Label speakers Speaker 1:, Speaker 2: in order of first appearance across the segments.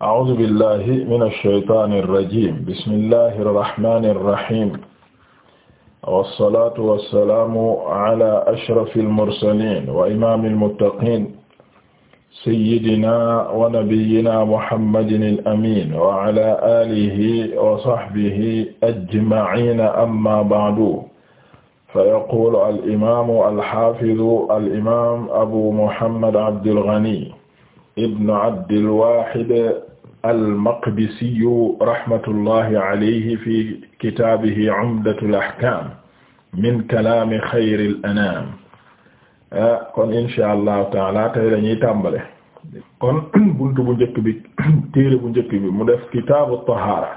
Speaker 1: أعوذ بالله من الشيطان الرجيم بسم الله الرحمن الرحيم والصلاة والسلام على أشرف المرسلين وإمام المتقين سيدنا ونبينا محمد الأمين وعلى آله وصحبه أجمعين أما بعد فيقول الإمام الحافظ الإمام أبو محمد عبد الغني ابن عبد الواحد al-Maqdisiyu rahmatullahi alayhi fi kitaabihi Umdatul Ahkaam min kalaami xayril anaam kon incha allahu taala tey dañuy tàmbale. kon buntu bu njëkk bi téere bu njëkk bi mu def kitaabu tahaara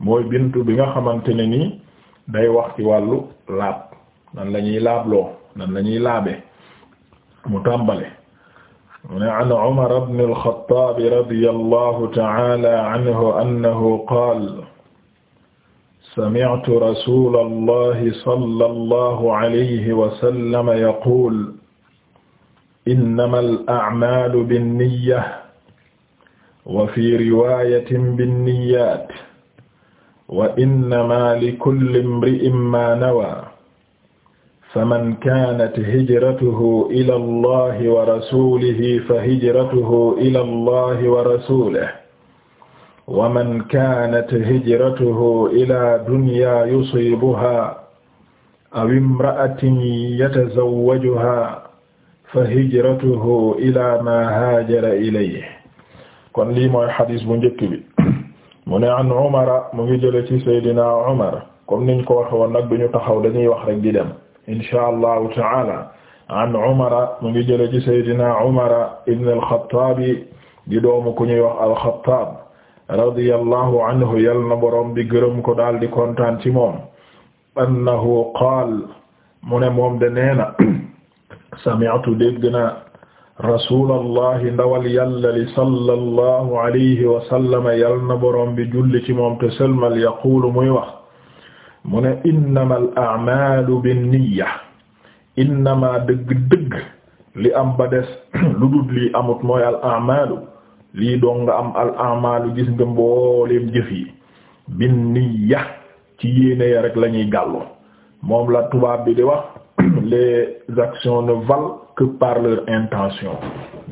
Speaker 1: mooy bintu bi nga xamante ne ni day wax ci wàllu laab nan la ñuy laabloo nan la ñuy laabe mu tàmbale. mu ne an Umar ibn al-Khattab radiyallahu ta'ala anhu annahu qaala sami'tu rasulallahi sallallahu alayhi wa sallam yaqulu innamal a'maalu binniyya wa fi riwaayatin binniyyaat wa innamaa likulli imri'in maa nawaa faman kaanat hijratuhu ila allahi wa rasulihi fa hijratuhu ila allahi wa rasulihi wa man kaanat hijratuhu ila dunya yusibuha aw imra'atin yatazawwajuha fa hijratuhu ila ma haajara ilayhi kon lii mooy xadis bu njëkk bi mu ne an Umar mu ngi jële ci Seydina Umar comme niñ ko waxe woon nag duñu taxaw dañuy wax rek di dem insha allahu taala an umara mu ngi jële ci saydina umara ibn alxataabi di doomu ku ñuy wax alxataab radiyallahu anhu yal na boroom bi gërëm ko daal di kontaan ci moom annahu qaal mu ne moom de neena sami'tu dégg naa rasulallahi ndawal yàlla li sallallahu alayhi wa sallam yal na boroom bi julli ci moom te sëlmal yaquulu muy wax mu ne innamal a'maalu binniyya innama dëgg-dëgg li am ba des lu dul lii amut mooy al a'maalu lii doon nga am al a'maalu gis nga mbooleem jëf yi binniyya ci yéene ya rek la gàllu moom la tubaab bi di wax les actions ne valent que par leur intention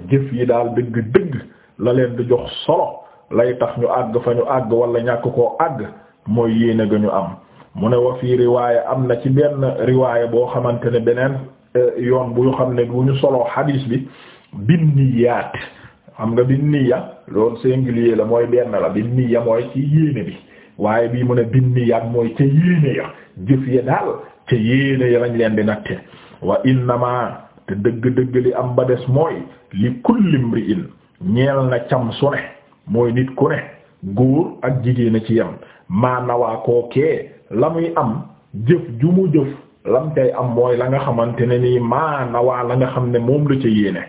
Speaker 1: jëf yi daal dëgg-dëgg la leen di jox solo lay tax ñu àgg fa ñu àgg wala ñàkk koo àgg mooy yéene ga ñu am mu ne wa fii riwaaya am na ci benn riwaaya boo xamante ne beneen eh, yoon bu xam ne bu ñu soloo xadiis bi bin niyaat xam nga bin niya loolu singulier la mooy benn la bin niya mooy ci yéene bi waaye bii mu ne bin niyaat mooy ca yéene ya jëf ya daal ca yéene ya lañ leen di natte wa innama te dëgg-dëgg li am ba des mooy li kulli mri'in ñeel na cam su ne mooy nit ku ne góor ak jigéen a ci yam maanawaa kookee la muy am jëf ju mu jëf lam am mooy la nga xamante ne nii maana waa la nga xam ne moom la ca yéene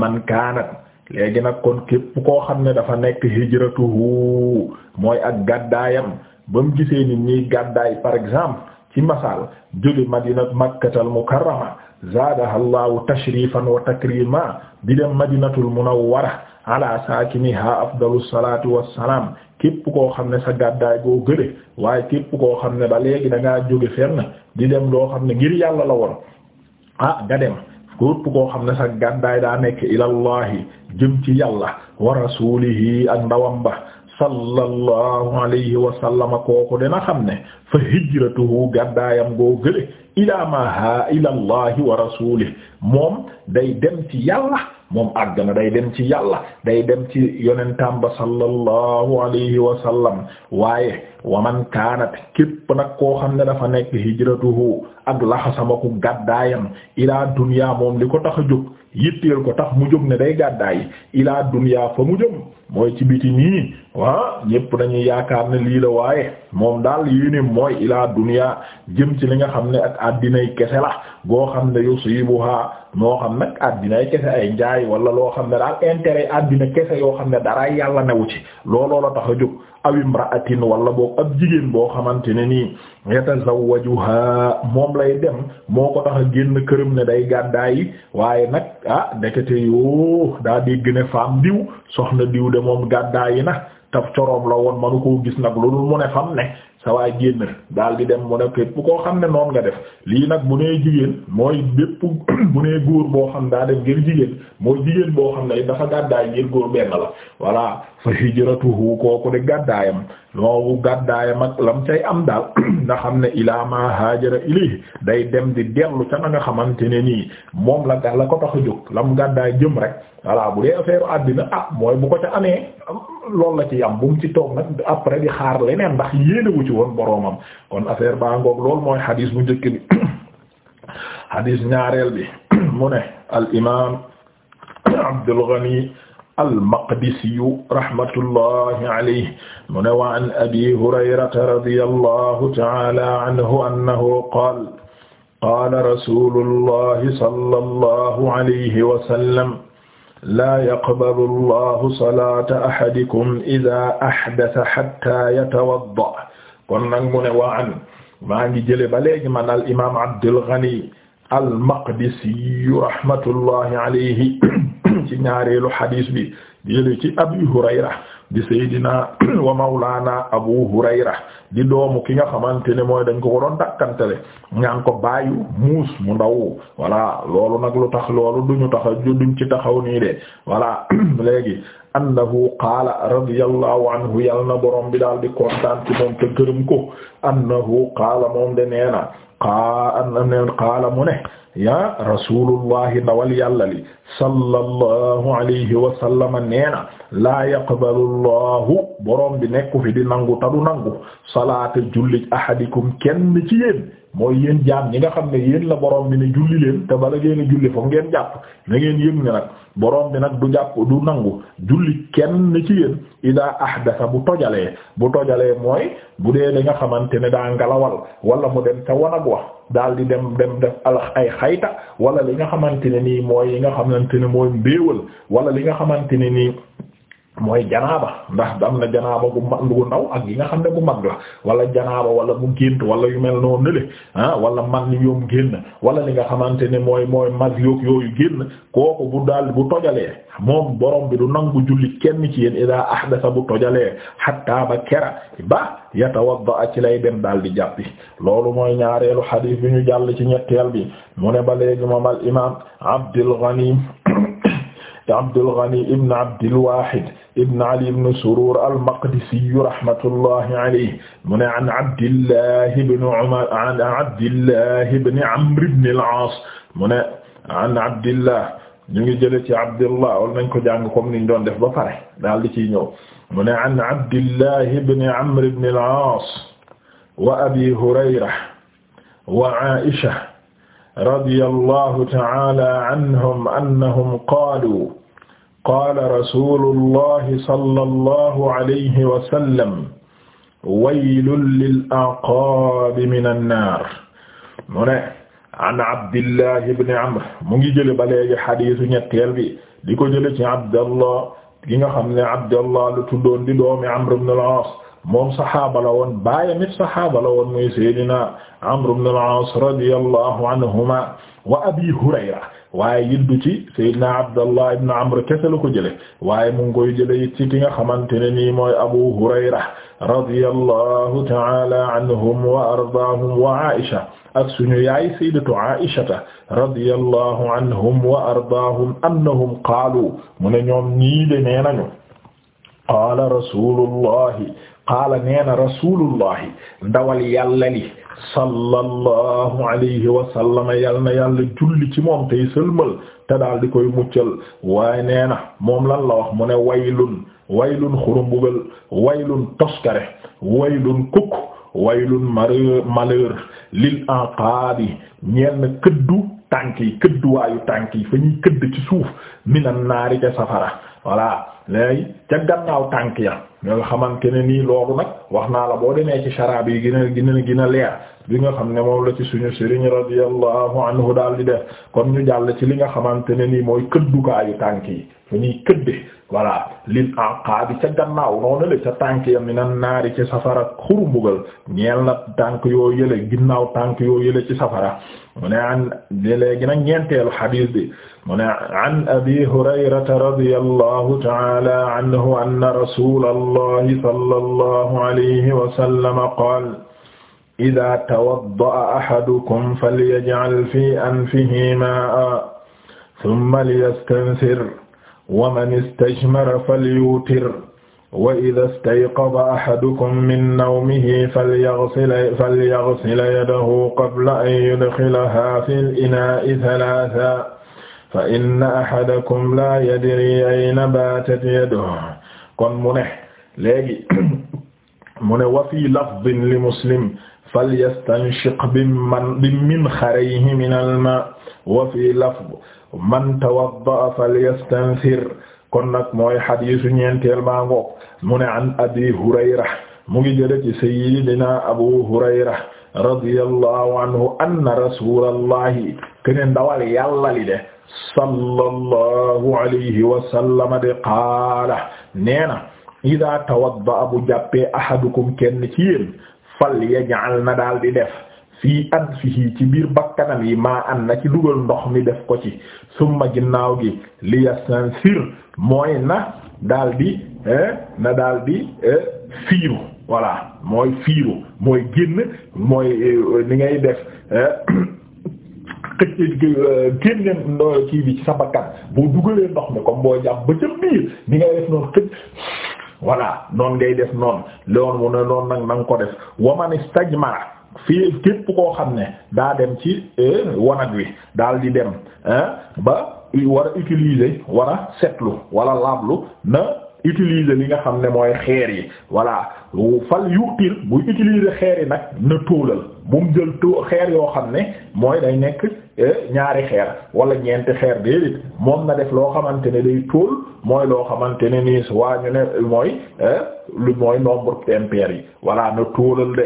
Speaker 1: man kaanat léegi nag kon képp koo xam ne dafa nekk hijratuhu mooy ak gàddaayam ba mu gisee nit ñiy gàddaay par exemple ci masal jóge madinat makkatal mukarrama zaadaha llahu tashrifan wa takrima di dem madinatul munawwara ala saakiniha afdalu salatu salaam képp koo xam ne sa gàddaay goo gële waaye képp koo xam ne ba léegi da ngaa jóge fenn di dem loo xam ne ngir yàlla la woon ah nga dem képp koo xam ne sa gàddaay daa nekk ilallahi jëm ci yàlla wa rasuulihi ak ndawam ba sallallahu alayhi wa sallama kooku dina xam ne fa hijratuhu gàddaayam goo gële ilaa ma ha ilallahi wa rasuulihi moom day dem ci yàlla moom àgg na day dem ci yàlla day dem ci yonentam ba sallallahu alayhi wa sallam waaye waman kaanat képp nag koo xam ne dafa nekk hijratuhu ak laxasamaku gàddaayam ilaa duniyaa moom li ko tax a jóg yitteel ko tax mu jóg ne day gàddaay ilaa duniyaa fa mu jëm mooy ci biti nii waa ñépp dañuy yaakaar ne lii la waaye moom daal yéene mooy ilaa duniyaa jëm ci li nga xam ne ak àddina kese la goo xam ne yusibuha moo xam nag àddinay kese ay njaay wala loo xam ne daal intérêt àddina kese yoo xam ne dara yàlla newu ci looloo la tax a jóg awimraatin wala boog ab jigéen boo xamante ne nii yatazawwajuha moom lay dem moo ko tax a génn këram ne day gàddaayi waaye nag ah ndekete yoo daa dégg ne faam diw soxna diw de moom gàddaayi na taf coroom la woon manu koo gis nag loolu mu ne fam ne sa waay génn daal di dem mu ne bu koo xam ne noon nga def lii nag bu nee jigéen mooy bépp bu nee góor boo xam daa ngir jigéen mooy boo xam ne dafa gàddaay ngir góor benn la voilà fa hijratuhu kooku de gàddaayam loogu gàddaayam ak lam cay am daal nga xam ne ilaa ma haajara day dem di dellu ca na nga xamante ne nii moom la ga ko tax a jóg lam gàddaay jëm rek voilà bu dee affaire àddina ah mooy bu ko ca amee loolu la ci yam bu mu ci toog nag après di xaar leneen ndax yéenewu ci woon boroomam kon affaire baa ngoog loolu mooy xadiis bu njëkk bi xadiis ñaareel bi mu ne al imaam Abdul Ghani almaqdisiyu rahmatullahi alayhi mu ne wa an abi hurayrata radiyallahu ta'ala anhu annahu qaala qaala rasuulullahi sallallahu alayhi wa sallam laa yaqbalu allahu salaata ahadikum idaa ahdasa hattaa yatawadda kon nag mu ne wa an maa ngi jële ba léegi man al imaam Abdul Ghani al Maqdisi rahmatullahi alayhi ci ñaareelu xadiis bi jële ci Abi Hurayra di Seydina wa Mawlana Abu Hurayra di doomu ki nga xamante ne mooy dañ ko ko doon dakkantele ñaan ko baayu muus mu ndaw voilà loolu nag lu tax loolu duñu taxa duñ ci taxaw nii de voilà léegi annahu qaala radiyallahu anhu yal na borom bi daal di kontaan ci moom te gërëm ko annahu qaala moom de nee na qaa neen qaala mu ya rasulullahi ndawal yàlla li sallallahu alayhi wa sallama laa yaqbalu llahu borom bi nekku fi di nangu tadu nangu salaata julli ahadikum kenn ci yéen mooy yéen jaam ñi nga xam ne yéen la borom bi ne julli leen te bala ngeen a julli foog ngeen jàpp na ngeen yëg ne nag borom bi nag du jàpp du nangu julli kenn ci yéen idaa ahdasa bu tojalee bu tojalee mooy bu dee da nga xamante ne daa ngalawal wala mu dem ca wanag wax daal di dem dem def ay xayta wala li nga xamante ne nii mooy yi nga xamante ne mooy mbéewal wala li nga xamante ne nii mooy janaaba ndax am na janaaba bu mag bu ndaw ak yi nga xam ne bu mag la wala janaaba wala mu gént wala yu mel noonu nele ah wala mag ni yoom génn wala li nga xamante ne mooy mooy mag yoog yooyu génn kooku bu daal bu tojalee moom borom bi du nangu julli kenn ci yéen ida ahdasa bu tojalee hatta ba kera ba yatawadda a ci lay benn daal di jàppi loolu mooy ñaareelu xadiis bi ñu jàll ci ñetteel bi mu ne ba léegi moom al imam Abdul Ghani te Abdul Ghani ibn Abdil Wahid ibn Ali ibn Surur al-Maqdisi rahmatullahi alayhi mu ne an Abdillah ibn Umar an Abdillah ibn Amr ibn al-As mu ne an Abdillah ñu ngi jële ci Abdillah wala nañ ko jàng comme niñ doon def ba pare daal di ciy ñëw mu ne an Abdillah ibn Amr ibn al-As wa Abi Hurayra wa Aisha radiyallahu ta'ala anhum annahum qaalu qaala rasuulullahi sallallahu alayhi wa sallam waylun lil a'qaabi minan naar mu ne an Abdillahi ibn Amr mu ngi jële ba léegi xadiisu ñetteel bi di ko jële ci Abdallah gi nga xam ne Abdallah lu tuddoon di doomi Amr ibn al-Aas moom saxaaba la woon baayam it saxaaba la woon muy Seydina Amr ibn al-Aas radiyallahu anhuma wa Abi Hurayra waaye yiddu ci Seydina Abdallah ibn Amr kese la ko jële waaye mu ngi koy jële it ci ki nga xamante ne nii mooy Abu Hurayra radiyallahu ta'ala anhum wa ardaahum wa Aisha ak suñu yaay sayyidatu Aishata radiyallahu anhum wa ardaahum annahum qaalu mu ne ñoom ñii de nee nañu qaala rasulullahi qaala neena rasulullahi ndawal yàlla li sallallahu alayhi wa sallam yàlla na yàlla julli ci moom tey sëlmal te daal di koy muccal waaye nee na moom lan la wax mu ne waylun waylun xurumbugal waylun toskare waylun kukk waylun malheur malheur lil anqaabi ñeen këddu tànk yi këdduwaayu tànk yi fa ñuy këdd ci suuf minan naari ca safara voilà léegi ca gannaaw tànk ya ñoo nga xamante ne nii loolu nag wax naa la boo demee ci sharaab yi gën gina gën a gën a leer bi nga xam ne moom la ci suñu sëriñ radiyallahu anhu daal di de kon ñu jàll ci li nga xamante ne nii mooy këddukaayu tànk yi fu ñuy këdde voilà lil aqaabi ca gannaaw noonu la ca tànk ya minan naari ci safara xurumbugal ñeel na tànk yoo yële ginnaaw tànk yoo yële ci safara mu ne an léegi nag ñeenteelu xadiis bi mu ne abi hurayrata radiyallahu ta'ala ta'ala anhu anna rasulallahi sallallahu alayhi wa sallam qaala idaa tawadda'a ahadukum falyaj'al fii anfihi maa'an thumma liyastansir wa man istajmara falyuutir wa idaa istayqaza ahadukum min nawmihi falyaghsil yadahu qabla an yudkhilahaa fil inaa'i thalaasan fa inna ahadakum la yadri ayna batat yaduhu kon mu ne léegi mu ne wa fi lafdin li muslim falyastanshiq bimman biminxarayhi min alma wa fi lafd man tawadda'a falyastansir kon nag mooy xadiisu ñeenteel maa ngoog mu ne an abi hurayra mu ngi jële ci sayyidina abu hurayra radiyallahu anhu anna rasulallahi kene ndawal yàlla li de sallallahu alayhi wa sallam de qaala nee idaa tawadda bu jàppee ahadukum kenn ci yéen na daal di def fii anfihi ci biir bakkanam yi maa an ci dugal ndox mi def ko ci summa ginnaaw gi li yastansir mooy na daal di eh, na eh, fiiru voilà mooy fiiru mooy génn mooy li eh, ngay def xëcc euh, génne kii bi ci sa bakkan boo dugalee ndox mi comme boo jàpp ba ca biir ni ngay def noonu xëcc voilà noonu ngay def noonu loolu ne noonu nag na ko def waman istajmara fii képp koo xam ne daa dem ci euh, wanag wi daal di dem ba war a utiliser war a setlu wala laablu na utilise li nga xam ne mooy xeer yi voilà fal yuutil buy utiliser xeer yi nag na tóolal bu mu jël xeer yoo xam ne mooy day nekk Eh, ñaari xeer wala ñeenti xeer déedéet moom na def loo xamante ne day tóol mooy loo xamante ne nii waa ñu ne mooy eh, lu mooy nombre impair yi walla na tóolal de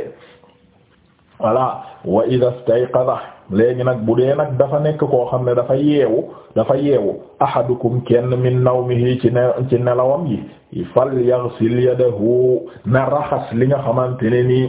Speaker 1: voilà wa idha istayqadha léegi nag bu dee nag dafa nekk koo xam ne dafa yeewu dafa yeewu ahadukum kenn min nawmihi ci ne ci nelawam yi fal yaghsil yadahu na raxas li nga xamante ne nii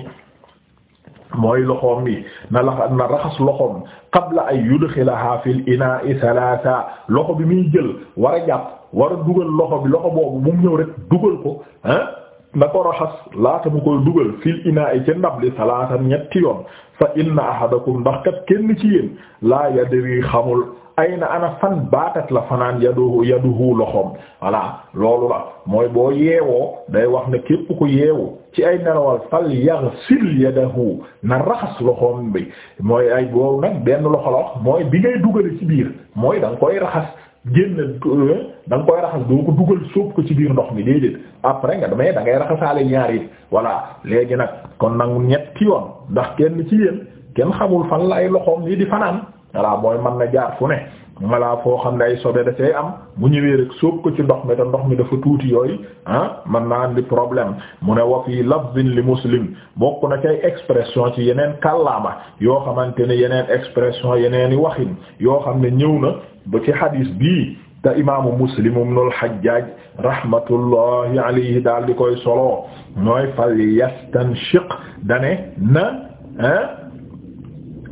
Speaker 1: mooy loxoom bi na la na raxas loxoom qabla ay yudxilaha fil inaa'i salaasa loxo bi muy jël war a jàpp war a dugal loxo bi loxo boobu mu ñëw rek dugal ko ah na ko raxas laata mu koy dugal fil inaa'i ca ndab li salaatan ñetti yoon fa inna ahadakum ndax kat kenn ci yéen laa yadri xamul ayna ana fan baatat la fanaan yaduhu yaduhu loxoom voilà loolu la mooy boo yeewoo day wax na képp ko yeewu ci ay nelawal fal yaghsil yadahu na raxas loxoom bi mooy ay boobu nag benn loxo la mooy bi ngay dugale ci biir mooy da koy raxas génn euh, da koy raxas doo ko dugal sóob ko ci biir ndox mi déedéet après nga damay da ngay raxasaale ñaar it voilà léegi nag kon nangu ñetti yoon ndax kenn ci yéen kenn xamul fan la ay loxoom yi di fanaan voilà mooy mën na jaar fu ne voilà foo xam ne ay sobe da cay am bu ñëwee rek sóob ko ci ndox mi te ndox mi dafa tuuti yooyu ah man naa andi problème mu ne wa fii lafzin li muslim bokk na kay expression ci yeneen kàllaama yoo xamante ne yeneen expression yeneen i waxin yoo xam ne ñëw na ba ci hadis bii te imaamu muslim ibn al-Hajjaj rahmatullahi alayhi daal di koy solo nooy fal yastanshiq dane na ah,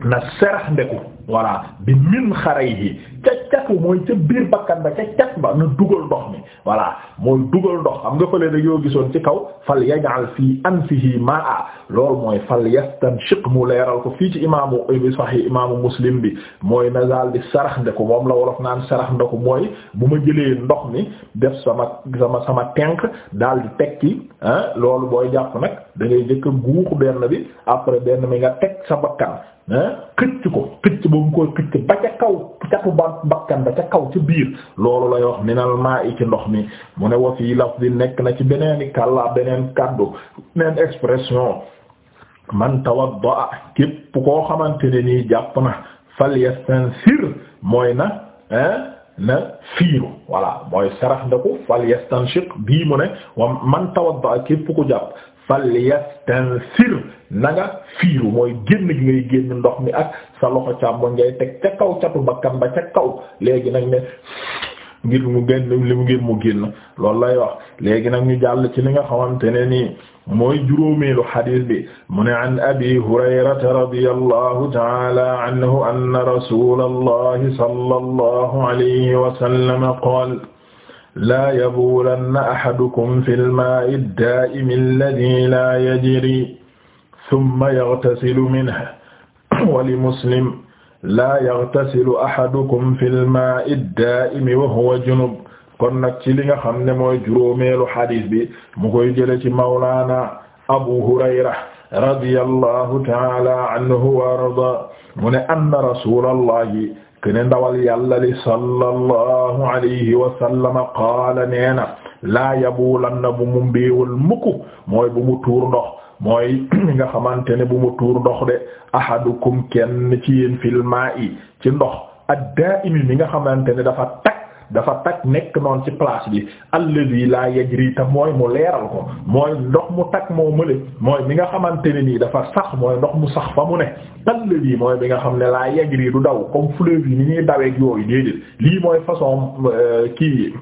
Speaker 1: na serax ndeku voilà bi min xarayhi ca catu mooy ca biir bakkan ba ca cat ba na dugal ndox mi voilà mooy dugal ndox xam nga fële yoo gisoon ci kaw fal yaj'al fii anfihi ma'a loolu mooy fal yastanshik mu leeral ko fii ci imaamu bi sahih imaamu muslim bi mooy nazal di sarax ndeku moom la wolof naan sarax ndeku mooy bu ma jëlee ndox mi def sama sama sama tenk daal di tekki ah loolu booy jàpp nag da ngay jëkk guux benn bi après benn mi nga teg sa bakkan ah ko xëcc ba nga koy xëcc ba ca bakkan ba ca kaw ca biir loolu lay wax minal maa'i ci ndox mi mu ne yi fii lafzi nekk na ci beneen i kàllaa beneen kàddu beneen expression man tawadda képp koo xamante ni nii jàpp na falyastansir mooy na hein na fiiru voilà mooy sarax ndaku fal yastanshiq bii mu ne wa man tawadda képp ku jàpp falyastansir na nga fiiru mooy génn gi ngay génn ndox mi ak sa loxo càmmoñ ngay teg ca kaw catu bakkan ba ca kaw léegi nag ne ngir mu génn li mu ngir mu génn loolu lay wax léegi nag ñu jàll ci li nga xamante ne nii mooy juróomeelu xadiis bi mu ne an abi hurayrata radiyallahu taala anhu anna rasulallahi sallallahu alayhi wa sallam qaala laa yabuulanna ahadukum fil maa'i daa'imi alladhii laa yajrii thumma yaghtasilu minhu wa li muslim laa yaghtasilu ahadukum fil maa'i daa'imi wa huwa junub kon nag ci li nga xam ne mooy juróomeelu xadiis bi mu koy jële ci mawlaana abu hurayra radiyallahu ta'ala anhu wa arda mu ne anna rasuulallahi kene ndawal yàlla li sallallahu alayhi wa sallam qaala nee na bu mu mbiiwul mukk mooy bu mu tuur ndox mooy nga xamante ne bu mu tuur ndox de ahadukum kenn ci yéen fil maa'i ci ndox ad-daa'imi mi nga xamante ne dafa dafa tag nekk noonu ci place bi allazi la yajri ta mooy mu leeral ko mooy ndox mu tag moo mële mooy mi nga xamante ne nii dafa sax mooy ndox mu sax fa mu ne allazi mooy bi nga xam ne la yajri du daw comme fleuve yi ni ñuy daweeg yooyu déedéet lii mooy façon euh, kii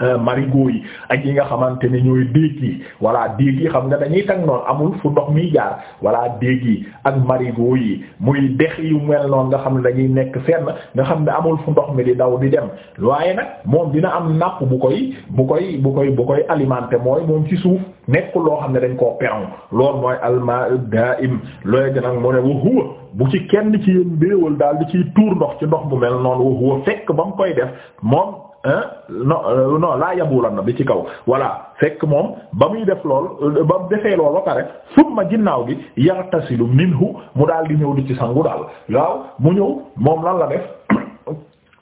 Speaker 1: Euh, marigot yi ak yi nga xamante ne ñooy déeg yi voilà déeg yi xam nga dañuy tag noonu amul fu ndox mi jaar voilà déeg yi ak marigot yi muy dex yu mel noonu nga xam ne dañuy nekk fenn nga xam ne amul fu ndox mi di daw di dem waaye nag moom dina am napp bu koy bu koy bu koy bu koy alimenté mooy moom ci suuf nekkul loo xam ne dañ koo peron lool mooy alma daim looy gën nag mu ne wa bu ci kenn ci yéen béewal daal di ciy tuur ndox ci ndox bu mel noonu wa huwa ba mu koy def moom no euh, no laa yabulan na bi ci kaw voilà fekk moom ba muy def lool euh, ba defee lool ba pare summa ginnaaw gi yaxtasilu minhu mu daal di ñëw di ci sangu daal waaw mu ñëw moom lan la def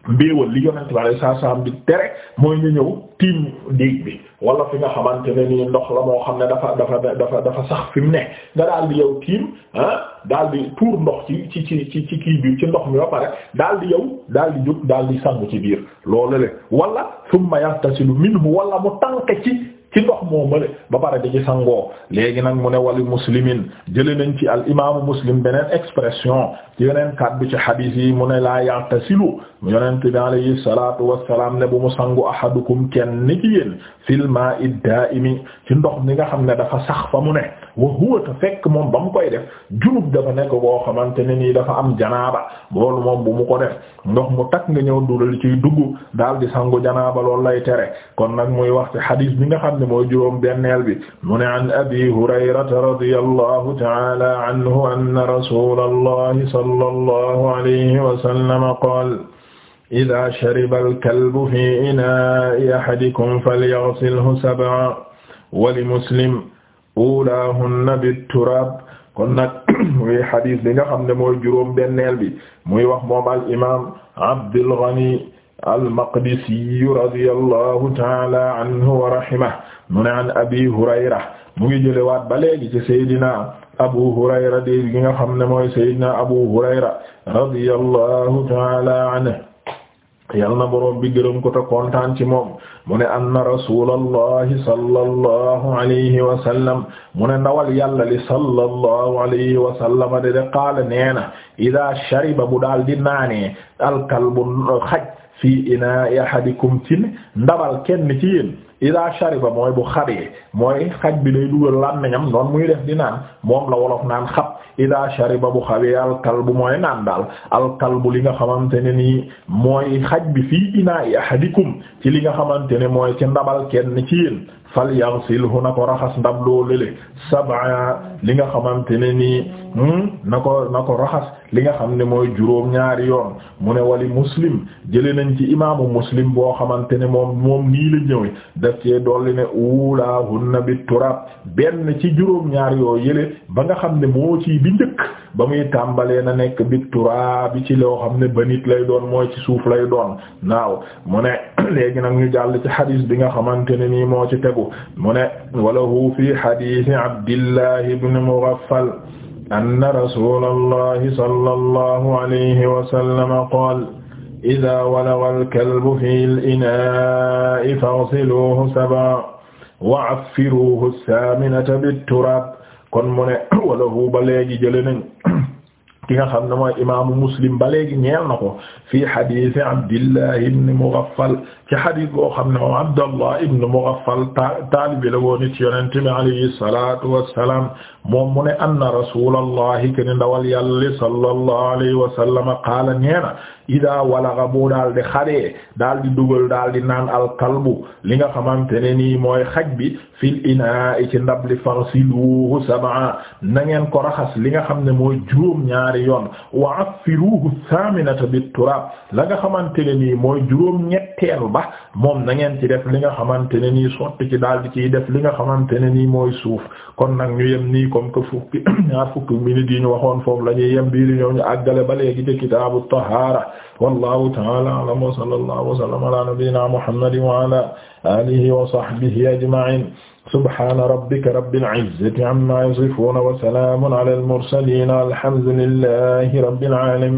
Speaker 1: mbéewal li yonent bi alayhi salaam bi tere mooy ñu ñëw tiim déeg bi wala fi nga xamante ne nii ndox la moo xam ne dafa dafa dafa dafa sax fi ne nga daal di yow tiim ah daal di tuur ndox ci ci ci ci kii bi ci ndox mi ba pare daal di yow daal di jóg daal di sangu ci biir loolu le wala thumma yaghtasilu minhu wala mu tànk ci ci ndox moo male ba pare di ci sangoo léegi nag mu ne wali muslimin jële nañ ci al imaamu muslim beneen expression ci yeneen bi ci hadith yi mu ne laa yaqtasilu yonent bi alayhi salaatu wassalaam ne bu mu sangu ahadukum kenn ni ci yéen fil maa'i daa'imi ci ndox mi nga xam ne dafa sax fa mu ne wa huwa te fekk moom ba koy def junub dafa nekk boo xamante ne nii dafa am janaaba loolu moom bu mu ko def ndox mu takk nga ñëw dugal ciy dugg daal di sangu janaaba loolu lay tere kon nag muy wax ci xadiis bi nga xam ne mooy juróom benneel bi mu ne an abi hurayrata ta'ala anhu anna rasulallahi sallallahu alayhi wa sallam qaala idaa shariba al-kalbu fii inaa'i ahadikum falyaghsilhu muslim ulahunna bituraab kon nag muy xadis bi nga xam ne mooy juróom benneel bi muy wax moom al imaam Abdul Ghani al-Maqdisi radiyallahu ta'ala anhu wa rahimahu mu ne an Abi Hurayra mu ngi jëlee waat ba léegi ci Seydina Abu Hurayra di nga xam ne mooy Seydina Abu Hurayra radiyallahu ta'ala anhu yal na boroom bi gërëm ko te kontaan ci moom mu ne anna rasulallahi sallallahu alayhi wa sallam mu ne ndawal yàlla li sallallahu alayhi wa sallam de de qaala nee idaa shariba bu daal di naanee alkalbu xaj fii inaa'i ahadikum ci ndabal kenn ci yéen ida shariba mooy bu xabee mooy xaj bi day dugal làmmiñam noonu muy def di naan moom la wolof naan xab ida shariba bu xawee alkalbu mooy naan daal alkalbu li nga xamante ne nii mooy xaj bi fii inaa'i ahadikum ci li nga xamante ne mooy ci ndabal kenn ci yéen falyaghsilhu na ko raxas ndab loolule sab'a li nga xamante ne nii hmm, na ko na ko raxas li nga xam ne mooy juróom ñaari yoon mu ne wali muslim jële nañ ci imaamu muslim boo xamante ne moom moom nii la ñëwee daf cee dolli ne ulahunna bi turab benn ci juróom ñaari yoo yële ba nga xam ne moo ci bi njëkk ba muy tàmbalee na nekk bi turab bi ci loo xam ne ba nit lay doon mooy ci suuf lay doon naaw mu ne léegi nag ñu jàll ci hadis bi nga xamante ne nii moo ci taxaw mu ne walahu fi xadiisi abdillahi ibn mughaffal anna rasulallahi sallallahu alayhi wa sallam qaala idaa walaga alkalbu fi al-inaa'i faghsiluuhu sab'an wa affiruuhu as-saaminata bit-turaab kon mu ne walahu ba léegi jële nañ ki nga xam ne mooy imaamu muslim ba léegi ñeel na ko fii hadiisi Abdillah ibn Mughaffal ci xadis boo xam ne moom Abdallah ibn Mughaffal taalibi la woon ci yonent bi alayhi salaatu wassalaam moom mu ne anna rasuulallahi ke ne ndawal yàlla sallallahu alayhi wa sallam qaala neena idaa walaga bu daal di xaree daal di dugal daal di naan al alkalbu li nga xamante ne nii mooy xaj bi fil inaa'i ci ndab li farsiluhu sab'a na ngeen ko raxas li nga xam ne mooy juróom ñaari yoon wa affiruhu thaaminata bit turaab la nga xamante ne nii mooy juróom ñett ñetteel ba moom na ngeen ci def li nga xamante ne nii sotti ci daal di ciy def a nga xamante ne nii mooy suuf kon nag ñu yem nii comme que fukki ñaar fukki minutes yi a waxoon foofu la ñuy yem bii di ñëw ñu àggale ba léegi ci kitaabu tahaara wallahu ta'ala a'lam wa sallallahu wa sallama ala nabiyyina muhammadin wa ala alihi wa sahbihi ajma'in subhana rabbika rabbil izzati amma yasifun wa salamun ala al mursalin alhamdulillahi rabbil alamin